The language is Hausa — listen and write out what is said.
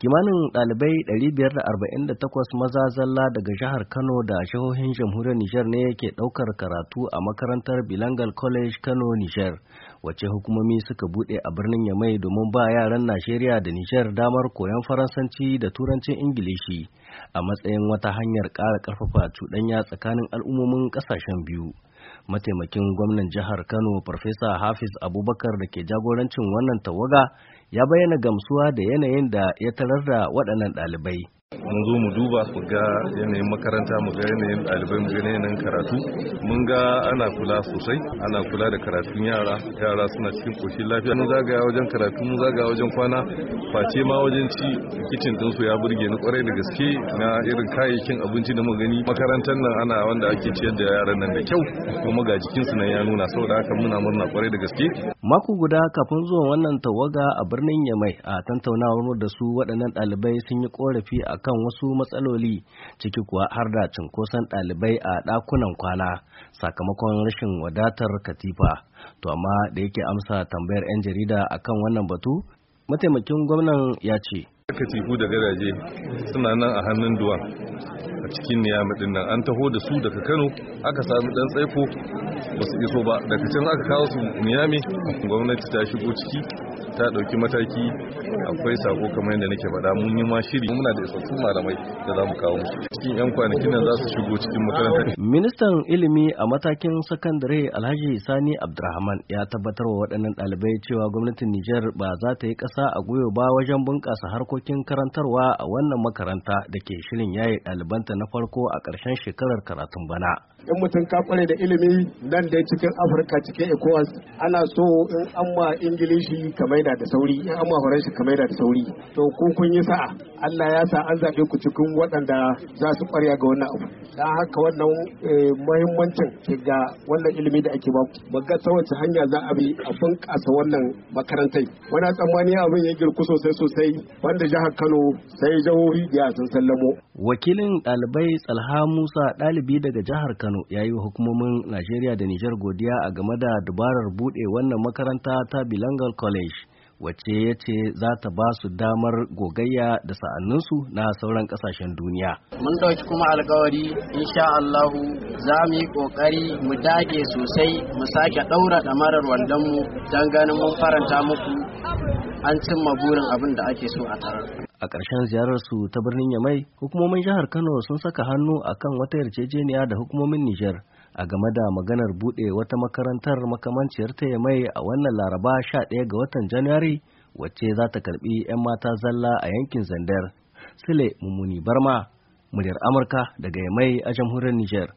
kimanin ɗalibai 548 maza zalla daga jihar Kano da jihohin jamhuriyar Nijar ne ke ɗaukar karatu a makarantar Bilangal College Kano Niger. wacce hukumomi suka buɗe a birnin Yamai domin ba yaran Najeriya da Nijar damar koyon Faransanci da Turancin Ingilishi a matsayin wata hanyar ƙara ƙarfafa cuɗanya tsakanin al'ummomin ƙasashen biyu. mataimakin gwamnan jihar kano farfesa hafiz abubakar da ke jagorancin wannan tawaga ya bayyana gamsuwa da yanayin da ya tarar da waɗannan ɗalibai mun zo mu duba mu ga yanayin makaranta mu ga yanayin ɗalibai mu ga yanayin karatu mun ga ana kula sosai ana kula da karatun yara yara suna cikin koshin lafiya mun zagaya wajen karatu mun zagaya wajen kwana face ma wajen ci kicin din su ya burge ni kwarai da gaske na irin kayayyakin abinci da gani makarantar nan ana wanda ake ciyar da yaran nan da kyau kuma ga jikin su nan ya nuna saboda haka muna murna kwarai da gaske mako guda kafin zuwa wannan tawaga a birnin Yamai a tantaunawar da su waɗannan ɗalibai sun yi korafi akan wasu matsaloli ciki kuwa har da cinkoson ɗalibai a ɗakunan kwana sakamakon rashin wadatar katifa. To amma da yake amsa tambayar 'yan jarida akan wannan batu, mataimakin gwamnan ya ce. Katifu da gadaje suna nan a hannun duwan a cikin niyamadin nan an taho da su daga Kano aka sami dan tsaiko ba su iso ba daga can aka kawo su niyami gwamnati ta shigo ciki ta ɗauki mataki akwai sako kamar yadda nake faɗa mun yi ma shiri muna da isassun malamai da za mu kawo musu cikin 'yan kwanakin nan za su shigo cikin makarantar. Ministan ilimi a matakin sakandare Alhaji Sani Abdurrahman ya tabbatar wa waɗannan ɗalibai cewa gwamnatin Nijar ba za ta yi ƙasa a gwiwa ba wajen bunƙasa harkokin karantarwa a wannan makaranta da ke shirin yaye ɗalibanta na farko a ƙarshen shekarar karatun bana. In mutum ka kware da ilimi nan da cikin Afirka cikin ECOWAS ana so in an ma Ingilishi kamar maida da sauri in amma faran shi ka maida da sauri to ku kun yi sa'a Allah ya sa an zabe ku cikin waɗanda za su ƙwarya ga wannan abu dan haka wannan eh, muhimmancin ga wannan ilimi da ake ba baga ta wace hanya za a bi a bunƙasa wannan makarantai wani tsammani abin ya girku sosai sosai wanda jihar Kano sai jihohi da sun sallamo wakilin ɗalibai Tsalha Musa ɗalibi daga jihar Kano ya yi hukumomin Najeriya da Nijar godiya a game da dabarar buɗe wannan makaranta ta Bilangal College wacce ya ce za ta ba su damar gogayya da sa'anninsu na sauran kasashen duniya. Mun ɗauki kuma alkawari insha Allahu za mu yi ƙoƙari mu dage sosai mu sake ɗaura ɗamarar wandonmu don ganin mun faranta muku an cimma burin abin da ake so a tarar. a ƙarshen ziyararsu ta birnin yamai hukumomin jihar kano sun saka hannu akan wata yarjejeniya da hukumomin nijar a game da maganar Bude, wata makarantar makamanciyar ta mai a wannan laraba 11 ga watan janairu wacce za ta karbi 'yan mata zalla a yankin zandar sile mummuni barma muryar amurka daga mai a jamhuriyar niger